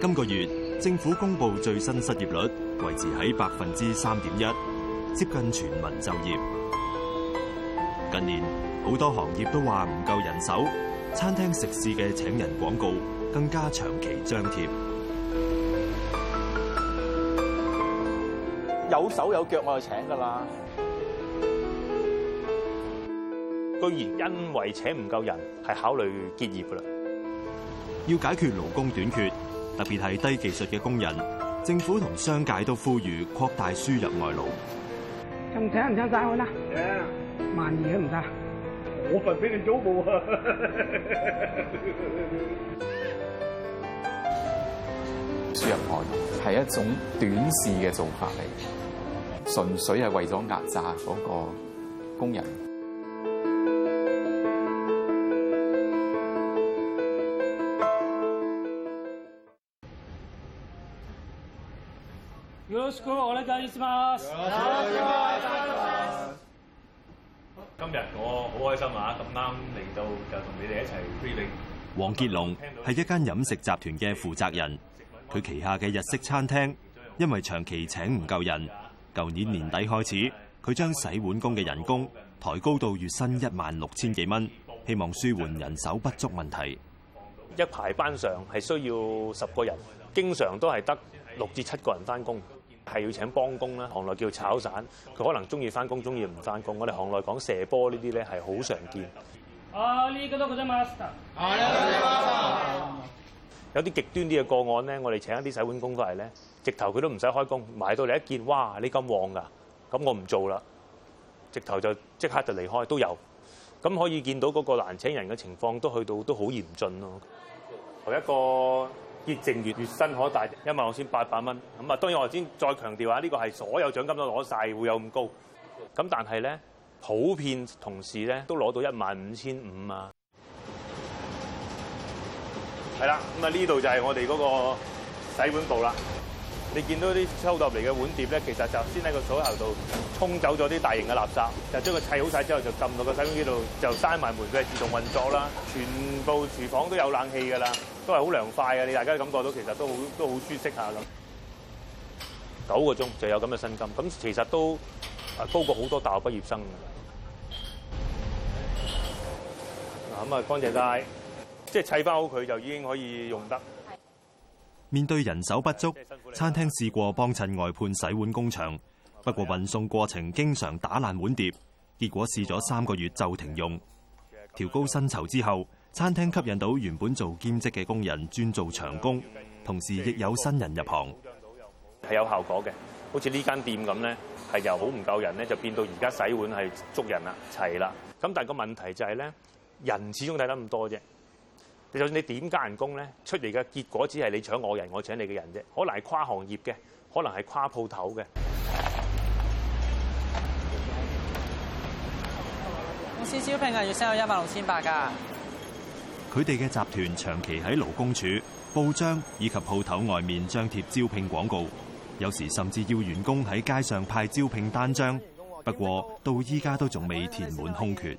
今個月，政府公布最新失業率維持喺百分之三點一，接近全民就業。近年好多行業都話唔夠人手，餐廳食肆嘅請人廣告更加長期張貼。有手有腳我就請噶啦，居然因為請唔夠人，係考慮結業噶啦。要解決勞工短缺，特別係低技術嘅工人，政府同商界都呼籲擴大輸入外勞。仲請唔請晒我啦？萬二都唔得，我份俾你租過啊！ 輸入外勞係一種短視嘅做法嚟，純粹係為咗壓榨嗰個工人。今日我好開心啊！咁啱嚟到就同你哋一齊 meeting。黃傑龍係一間飲食集團嘅負責人，佢旗下嘅日式餐廳因為長期請唔夠人，舊年年底開始，佢將洗碗工嘅人工抬高到月薪一萬六千幾蚊，希望舒緩人手不足問題。一排班上係需要十個人，經常都係得六至七個人返工。係要請幫工啦，行內叫炒散。佢可能中意翻工，中意唔翻工。我哋行內講射波呢啲咧，係好常見。啊，呢個都叫有啲極端啲嘅個案咧，我哋請一啲洗碗工都嚟咧，直頭佢都唔使開工，埋到嚟一見，哇，你咁旺㗎，啊，咁我唔做啦，直頭就即刻就離開，都有。咁可以見到嗰個難請人嘅情況都去到都好嚴峻咯。一個。潔淨員月薪可達一萬六千八百蚊。咁啊，當然我先再強調下，呢個係所有獎金都攞晒，會有咁高。咁但係咧，普遍同事咧都攞到一萬五千五啊。係啦，咁啊呢度就係我哋嗰個洗碗部啦。你見到啲收落嚟嘅碗碟咧，其實就先喺個水喉度沖走咗啲大型嘅垃圾，就將佢砌好晒之後，就浸到個洗碗機度，就閂埋門，佢係自動運作啦。全部廚房都有冷氣㗎啦。都係好涼快嘅，你大家感覺到其實都好都好舒適下咁。九個鐘就有咁嘅薪金，咁其實都高過好多大學畢業生。嗱咁啊，乾淨晒，嗯、淨即係砌翻好佢就已經可以用得。面對人手不足，餐廳試過幫襯外判洗碗工場，不過運送過程經常打爛碗碟，結果試咗三個月就停用。調高薪酬之後。餐廳吸引到原本做兼職嘅工人轉做長工，同時亦有新人入行，係有效果嘅。好似呢間店咁咧，係由好唔夠人咧，就變到而家洗碗係捉人啦、齊啦。咁但係個問題就係、是、咧，人始終睇得咁多啫。你就算你點加人工咧，出嚟嘅結果只係你搶我人，我搶你嘅人啫。可能係跨行業嘅，可能係跨鋪頭嘅。公司招聘啊，要收到一萬六千八噶。佢哋嘅集團長期喺勞工處報章以及鋪頭外面張貼招聘廣告，有時甚至要員工喺街上派招聘單張。不過到依家都仲未填滿空缺。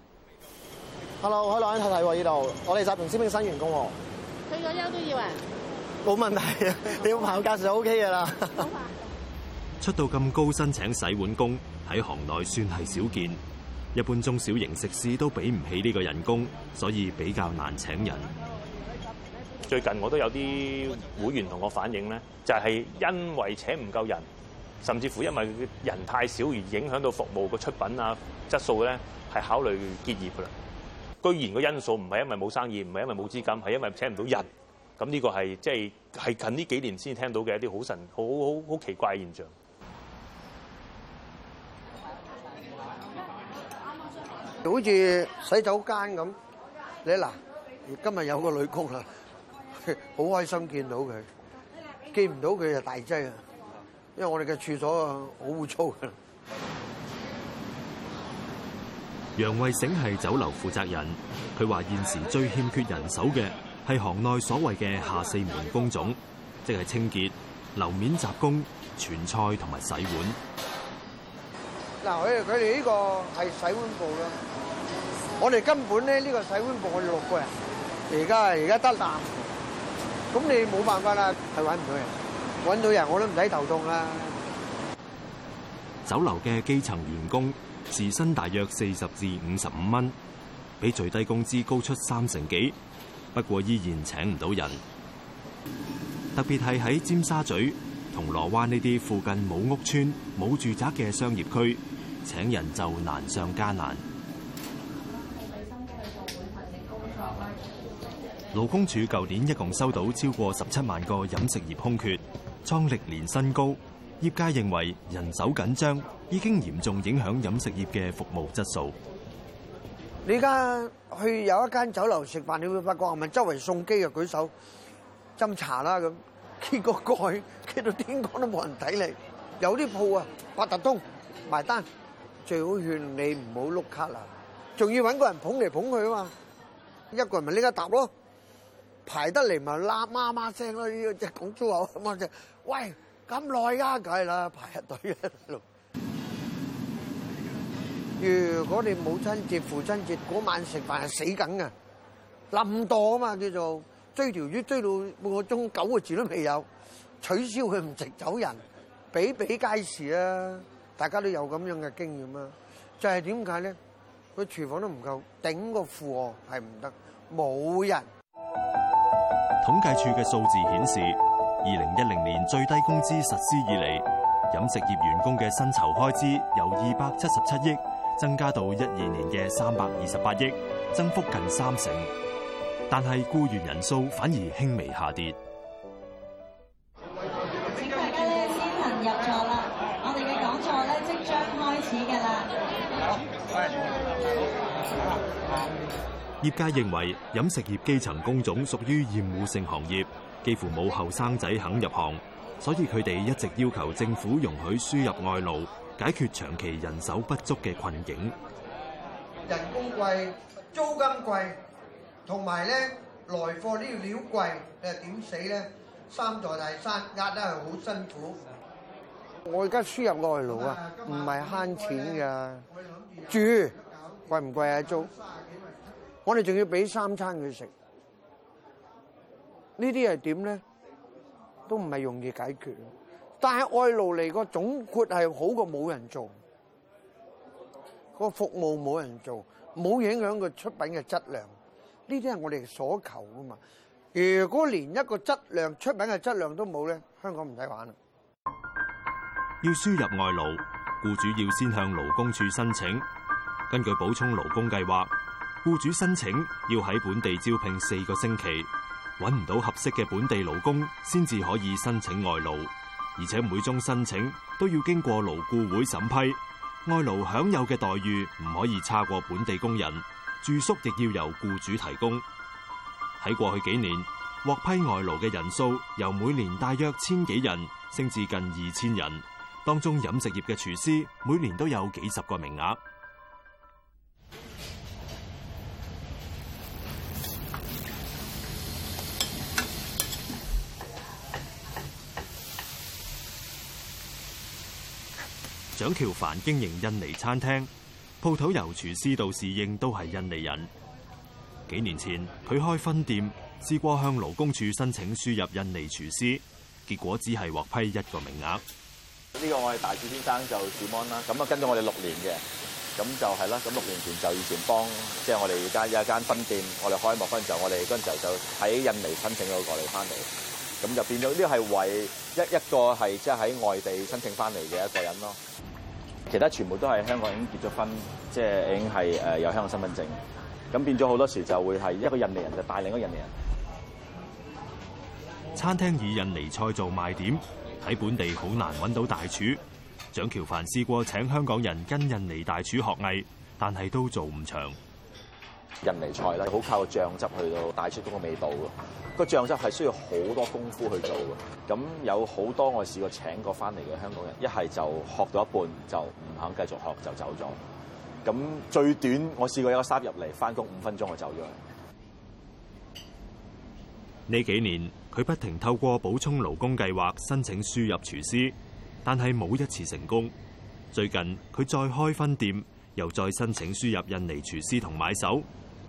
Hello，可以落去睇睇喎呢度，我哋集團招聘新員工喎。退咗休都要啊？冇問題啊，你要憑介紹就 OK 嘅啦。出到咁高薪請洗碗工喺行內算係少見。一般中小型食肆都比唔起呢個人工，所以比較難請人。最近我都有啲會員同我反映咧，就係因為請唔夠人，甚至乎因為人太少而影響到服務個出品啊質素咧，係考慮結業噶啦。居然個因素唔係因為冇生意，唔係因為冇資金，係因為請唔到人。咁呢個係即係係近呢幾年先聽到嘅一啲好神好好好奇怪嘅現象。好似洗手間咁，你嗱，今日有個女工啦，好開心見到佢，見唔到佢就大劑啊！因為我哋嘅廁所啊，好污糟㗎。楊慧醒係酒樓負責人，佢話現時最欠缺人手嘅係行內所謂嘅下四門工種，即係清潔、樓面雜工、傳菜同埋洗碗。嗱，佢哋佢哋呢個係洗碗部啦。我哋根本咧，呢個洗碗部我哋六個人現在，而家，而家得啦，咁你冇辦法啦，係揾唔到人。揾到人我都唔使頭痛啦。酒樓嘅基層員工時薪大約四十至五十五蚊，比最低工資高出三成幾，不過依然請唔到人。特別係喺尖沙咀、銅鑼灣呢啲附近冇屋邨、冇住宅嘅商業區，請人就難上加難。勞工處舊年一共收到超過十七萬個飲食業空缺，創歷年新高。業界認為人手緊張已經嚴重影響飲食業嘅服務質素。你而家去有一間酒樓食飯，你會發覺，係咪周圍送機嘅舉手斟茶啦，咁揭個蓋，揭到天光都冇人睇你。有啲鋪啊，八達通埋單，最好勸你唔好碌卡啦，仲要搵個人捧嚟捧去啊嘛，一個人咪拎一疊咯。排得嚟咪喇媽媽聲咯！即講粗口咁啊！即喂咁耐㗎，梗係啦排入隊一路。如果你母親節、父親節嗰晚食飯係死梗嘅，冧多啊嘛叫做追條魚追到半個鐘九個字都未有，取消佢唔食走人，比比皆是啊！大家都有咁樣嘅經驗啊！就係點解咧？個廚房都唔夠頂個負荷係唔得，冇人。統計處嘅數字顯示，二零一零年最低工資實施以嚟，飲食業員工嘅薪酬開支由二百七十七億增加到一二年嘅三百二十八億，增幅近三成。但係僱員人數反而輕微下跌。業界認為飲食業基層工種屬於厭惡性行業，幾乎冇後生仔肯入行，所以佢哋一直要求政府容許輸入外勞，解決長期人手不足嘅困境。人工貴、租金貴，同埋咧來貨呢個料貴，誒點死咧？三座大山壓得係好辛苦。我而家輸入外勞啊，唔係慳錢㗎。住貴唔貴啊？租？我哋仲要俾三餐佢食，呢啲係點咧？都唔係容易解決。但係外勞嚟個總括係好過冇人做，個服務冇人做，冇影響佢出品嘅質量。呢啲係我哋所求㗎嘛？如果連一個質量出品嘅質量都冇咧，香港唔使玩啦。要輸入外勞，僱主要先向勞工處申請，根據補充勞工計劃。僱主申請要喺本地招聘四個星期，搵唔到合適嘅本地勞工，先至可以申請外勞。而且每宗申請都要經過勞顧會審批。外勞享有嘅待遇唔可以差過本地工人，住宿亦要由僱主提供。喺過去幾年，獲批外勞嘅人數由每年大約千幾人，升至近二千人。當中，飲食業嘅廚師每年都有幾十個名額。蔣喬凡經營印尼餐廳，鋪頭由廚師到侍應都係印尼人。幾年前佢開分店，試過向勞工處申請輸入印尼廚師，結果只係獲批一個名額。呢個我係大廚先生就小安啦，咁啊跟咗我哋六年嘅，咁就係啦。咁六年前就以前幫，即係我哋而家有一間分店，我哋開幕分就我哋嗰陣時候就喺印尼申請咗過嚟翻嚟，咁就變咗呢個係為一一個係即係喺外地申請翻嚟嘅一個人咯。其他全部都係香港已經結咗婚，即係已經係有香港身份證，咁變咗好多時就會係一個印尼人就帶另一個印尼人。餐廳以印尼菜做賣點，喺本地好難揾到大廚。蔣橋凡試過請香港人跟印尼大廚學藝，但係都做唔長。印尼菜咧，好靠醬汁去到帶出嗰個味道㗎。個醬汁係需要好多功夫去做㗎。咁有好多我試過請過翻嚟嘅香港人，一係就學到一半就唔肯繼續學就走咗。咁最短我試過有個 staff 入嚟翻工五分鐘就走咗。呢幾年佢不停透過補充勞工計劃申請輸入廚師，但係冇一次成功。最近佢再開分店，又再申請輸入印尼廚師同買手。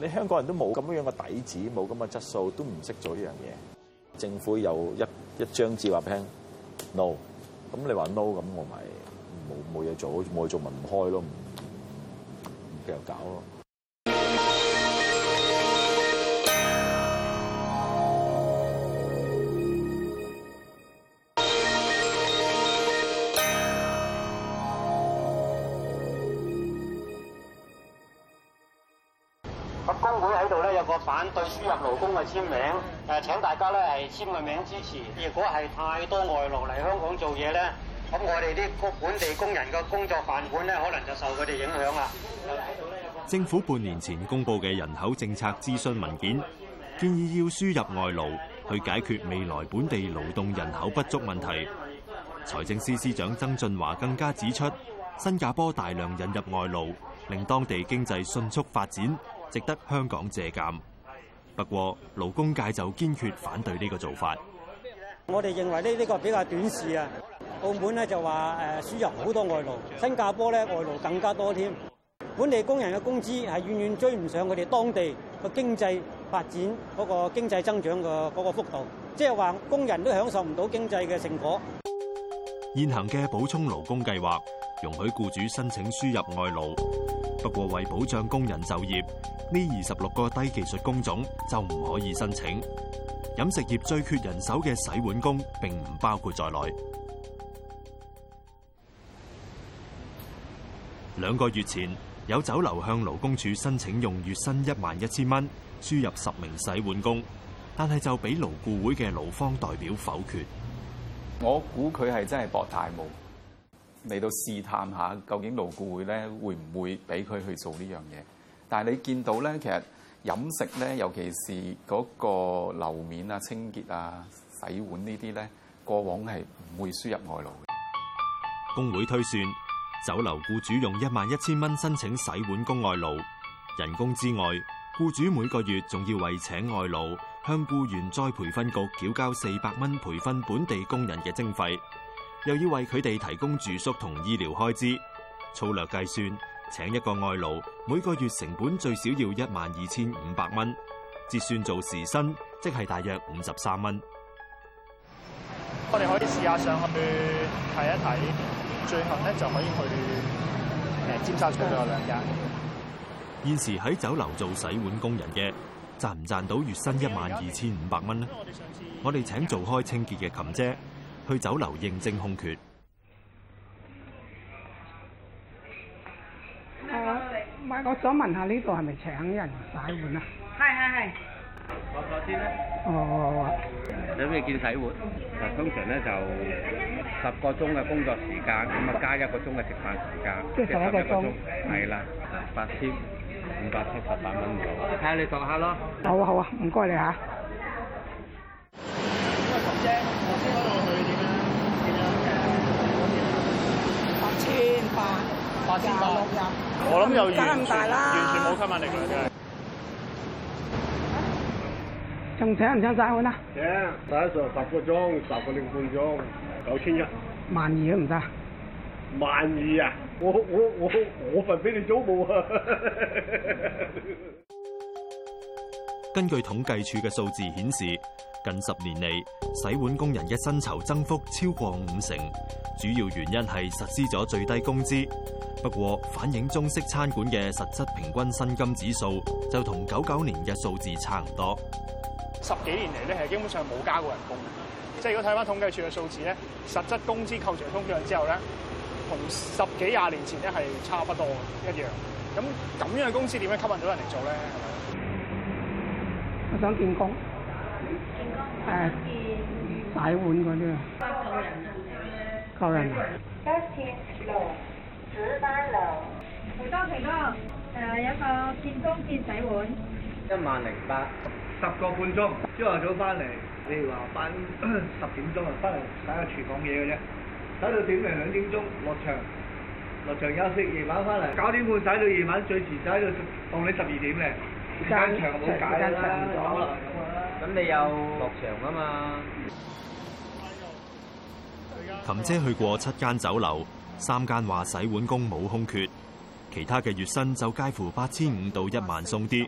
你香港人都冇咁樣嘅底子，冇咁嘅質素，都唔識做呢樣嘢。政府有一一張紙話俾你聽 no，咁你話 no，咁我咪冇冇嘢做，冇嘢做唔開咯，唔繼續搞咯。對輸入勞工嘅簽名，誒請大家咧係簽個名支持。如果係太多外勞嚟香港做嘢咧，咁我哋啲本地工人嘅工作飯碗咧，可能就受佢哋影響啦。政府半年前公布嘅人口政策諮詢文件建議要輸入外勞去解決未來本地勞動人口不足問題。財政司司長曾俊華更加指出，新加坡大量引入外勞，令當地經濟迅速發展，值得香港借鑒。不過勞工界就堅決反對呢個做法。我哋認為呢，呢個比較短視啊！澳門呢就話誒，輸入好多外勞，新加坡咧外勞更加多添。本地工人嘅工資係遠遠追唔上佢哋當地個經濟發展嗰個經濟增長嘅個幅度，即係話工人都享受唔到經濟嘅成果。現行嘅補充勞工計劃容許僱主申請輸入外勞。不過為保障工人就業，呢二十六個低技術工種就唔可以申請。飲食業最缺人手嘅洗碗工，並唔包括在內。兩個月前，有酒樓向勞工處申請用月薪一萬一千蚊輸入十名洗碗工，但係就俾勞顧會嘅勞方代表否決。我估佢係真係博大霧。嚟到試探下，究竟勞顧會咧會唔會俾佢去做呢樣嘢？但係你見到咧，其實飲食咧，尤其是嗰個樓面啊、清潔啊、洗碗呢啲咧，過往係唔會輸入外勞。工會推算，酒樓雇主用一萬一千蚊申請洗碗工外勞人工之外，雇主每個月仲要為請外勞向雇員再培訓局繳交四百蚊培訓本地工人嘅徵費。又要為佢哋提供住宿同醫療開支，粗略計算，請一個外勞每個月成本最少要一萬二千五百蚊，折算做時薪，即係大約五十三蚊。我哋可以試下上去睇一睇，最後咧就可以去誒、呃、尖沙咀度有兩間。現時喺酒樓做洗碗工人嘅，賺唔賺到月薪一萬二千五百蚊呢？我哋請做開清潔嘅琴姐。去酒樓認證空缺。誒，唔係，我想問下呢度係咪請人洗碗啊？係係係。我咗先啦。哦。有咩見洗碗？啊，通常咧就十個鐘嘅工作時間，咁啊加一個鐘嘅食飯時間，即係十一個鐘。係啦，八千五百七十八蚊度，睇下你做下咯。好啊好啊，唔該你嚇、啊。嗯千八，八千八六入，我諗又完，完全冇吸引力量嘅，仲請唔請曬我啦？請、yeah，第一場十個鐘，十個零半鐘，九千一，萬二都唔得？萬二啊？我我我我份俾你租部啊？根據統計處嘅數字顯示，近十年嚟，洗碗工人嘅薪酬增幅超過五成，主要原因係實施咗最低工資。不過反映中式餐館嘅實質平均薪金指數就同九九年嘅數字差唔多。十幾年嚟咧，係基本上冇加過人工嘅，即係如果睇返統計處嘅數字咧，實質工資扣除通脹之後咧，同十幾廿年前咧係差不多一樣。咁咁樣嘅工資點樣吸引到人嚟做咧？我想見工，誒，洗碗嗰啲，求、嗯、人。一線路，主單路，多奇多。誒有個見工見洗碗，一萬零八，十個半鐘，朝頭早翻嚟，你如話翻十點鐘啊，翻嚟洗下廚房嘢嘅啫，洗到點零兩點鐘落場，落場休息，夜晚翻嚟九點半洗到夜晚最遲洗到放你十二點咧。間場啦，咁你又落場啊嘛？琴姐去過七間酒樓，三間話洗碗工冇空缺，其他嘅月薪就介乎八千五到一萬，送啲，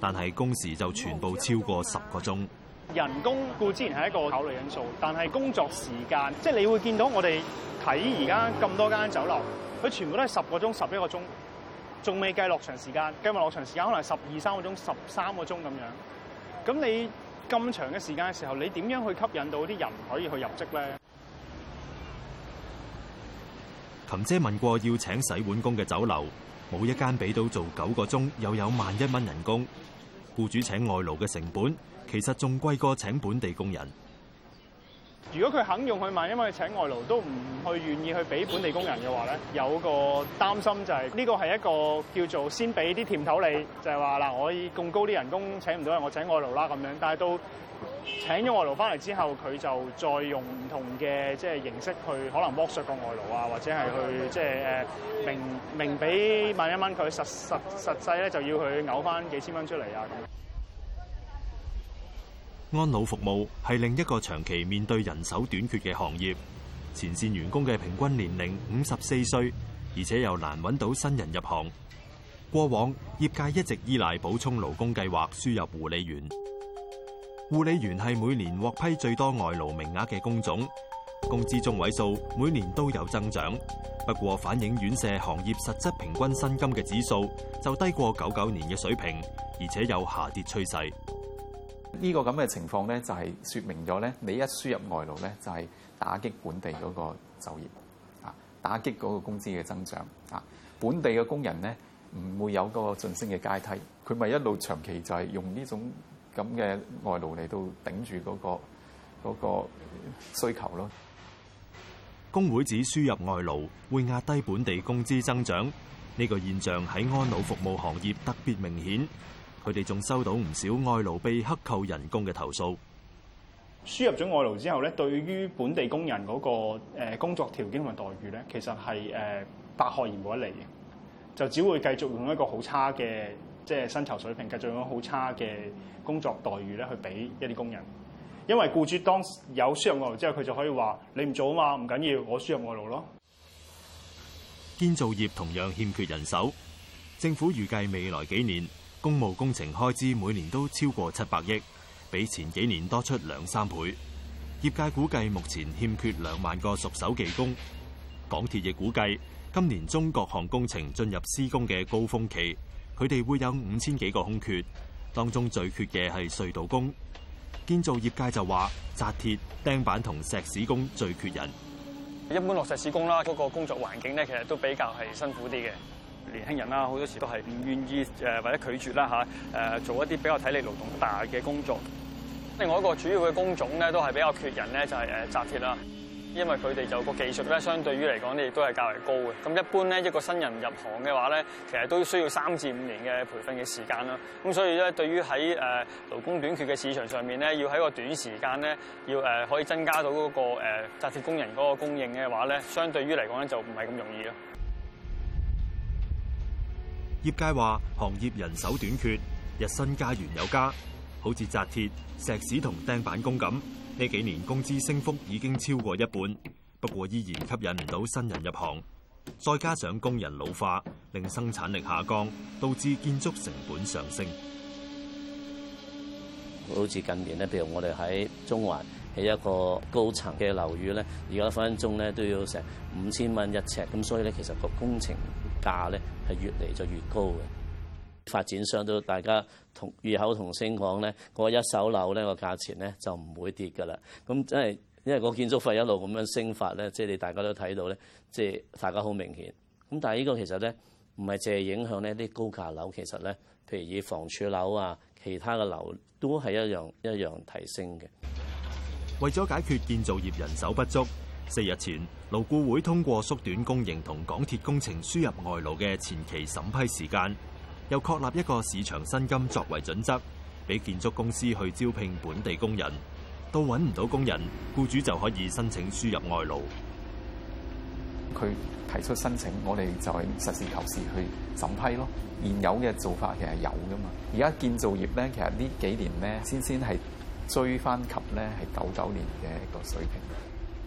但係工時就全部超過十個鐘。人工固之然係一個考慮因素，但係工作時間，即係你會見到我哋睇而家咁多間酒樓，佢全部都係十個鐘、十一個鐘。仲未計落場時間，計埋落場時間可能十二三個鐘、十三個鐘咁樣。咁你咁長嘅時間嘅時候，你點樣去吸引到啲人可以去入職呢？琴姐問過要請洗碗工嘅酒樓，冇一間俾到做九個鐘又有萬一蚊人工。僱主請外勞嘅成本，其實仲貴過請本地工人。如果佢肯用去萬一蚊去請外勞都唔去願意去俾本地工人嘅話咧，有個擔心就係呢個係一個叫做先俾啲甜頭你，就係話嗱，我以咁高啲人工請唔到人，我請外勞啦咁樣。但係到請咗外勞翻嚟之後，佢就再用唔同嘅即係形式去可能剝削個外勞啊，或者係去即係誒明明俾萬一蚊佢，實實實際咧就要佢嘔翻幾千蚊出嚟啊。咁樣。安老服務係另一個長期面對人手短缺嘅行業，前線員工嘅平均年齡五十四歲，而且又難揾到新人入行。過往業界一直依賴補充勞工計劃輸入護理員，護理員係每年獲批最多外勞名額嘅工種，工資中位數每年都有增長。不過反映院舍行業實質平均薪金嘅指數就低過九九年嘅水平，而且有下跌趨勢。呢個咁嘅情況呢，就係說明咗呢：你一輸入外勞呢，就係打擊本地嗰個就業啊，打擊嗰個工資嘅增長啊，本地嘅工人呢，唔會有嗰個晉升嘅階梯，佢咪一路長期就係用呢種咁嘅外勞嚟到頂住嗰個嗰個需求咯。工會指輸入外勞會壓低本地工資增長，呢個現象喺安老服務行業特別明顯。佢哋仲收到唔少外勞被克扣人工嘅投訴。輸入咗外勞之後咧，對於本地工人嗰個誒工作條件同埋待遇咧，其實係誒百害而無一利嘅，就只會繼續用一個好差嘅即係薪酬水平，繼續用好差嘅工作待遇咧去俾一啲工人。因為僱主當有輸入外勞之後，佢就可以話你唔做啊嘛，唔緊要，我輸入外勞咯。建造業同樣欠缺人手，政府預計未來幾年。工務工程開支每年都超過七百億，比前幾年多出兩三倍。業界估計目前欠缺兩萬個熟手技工。港鐵亦估計今年中各項工程進入施工嘅高峰期，佢哋會有五千幾個空缺。當中最缺嘅係隧道工。建造業界就話，紮鐵、釘板同石屎工最缺人。一般落石屎工啦，嗰個工作環境呢，其實都比較係辛苦啲嘅。年輕人啦，好多時都係唔願意誒或者拒絕啦嚇誒做一啲比較體力勞動大嘅工作。另外一個主要嘅工種咧，都係比較缺人咧，就係誒紮鐵啦。因為佢哋有個技術咧，相對於嚟講，咧亦都係較為高嘅。咁一般咧，一個新人入行嘅話咧，其實都需要三至五年嘅培訓嘅時間啦。咁所以咧，對於喺誒勞工短缺嘅市場上面咧，要喺個短時間咧，要誒可以增加到嗰個誒紮鐵工人嗰個供應嘅話咧，相對於嚟講咧，就唔係咁容易咯。業界話，行業人手短缺，日薪加完有加，好似紮鐵、石屎同釘板工咁。呢幾年工資升幅已經超過一半，不過依然吸引唔到新人入行。再加上工人老化，令生產力下降，導致建築成本上升。好似近年咧，譬如我哋喺中環起一個高層嘅樓宇咧，而家分分鐘咧都要成五千蚊一尺，咁所以咧，其實個工程。價咧係越嚟就越高嘅，發展商都大家同異口同聲講咧，個一手樓咧個價錢咧就唔會跌㗎啦。咁即係因為個建築費一路咁樣升發咧，即係你大家都睇到咧，即係大家好明顯。咁但係呢個其實咧，唔係淨係影響呢啲高價樓，其實咧，譬如以房署樓啊，其他嘅樓都係一樣一樣提升嘅。為咗解決建造業人手不足。四日前，勞僱會通過縮短公營同港鐵工程輸入外勞嘅前期審批時間，又確立一個市場薪金作為準則，俾建築公司去招聘本地工人。到揾唔到工人，僱主就可以申請輸入外勞。佢提出申請，我哋就係實事求是去審批咯。現有嘅做法其實有噶嘛。而家建造業咧，其實呢幾年咧先先係追翻及咧係九九年嘅一個水平，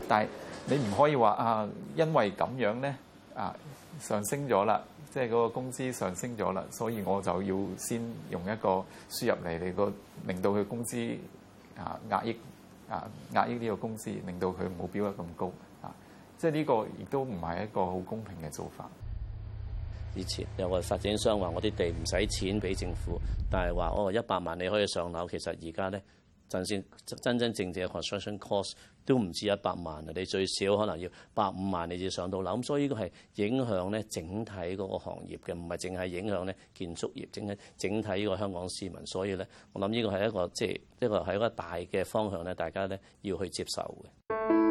但係。你唔可以話啊，因為咁樣咧啊上升咗啦，即係嗰個工資上升咗啦，所以我就要先用一個輸入嚟，你個令到佢工資啊壓抑啊壓抑呢個工資，令到佢目標得咁高啊！即係呢個亦都唔係一個好公平嘅做法。以前有個發展商話：我啲地唔使錢俾政府，但係話哦一百萬你可以上樓。其實而家咧。陣先真真正正嘅 construction cost 都唔止一百萬啊！你最少可能要百五萬，你先上到樓。咁所以呢個係影響咧整體嗰個行業嘅，唔係淨係影響咧建築業整體。整體呢個香港市民，所以咧，我諗呢個係一個即係一個係一個大嘅方向咧，大家咧要去接受嘅。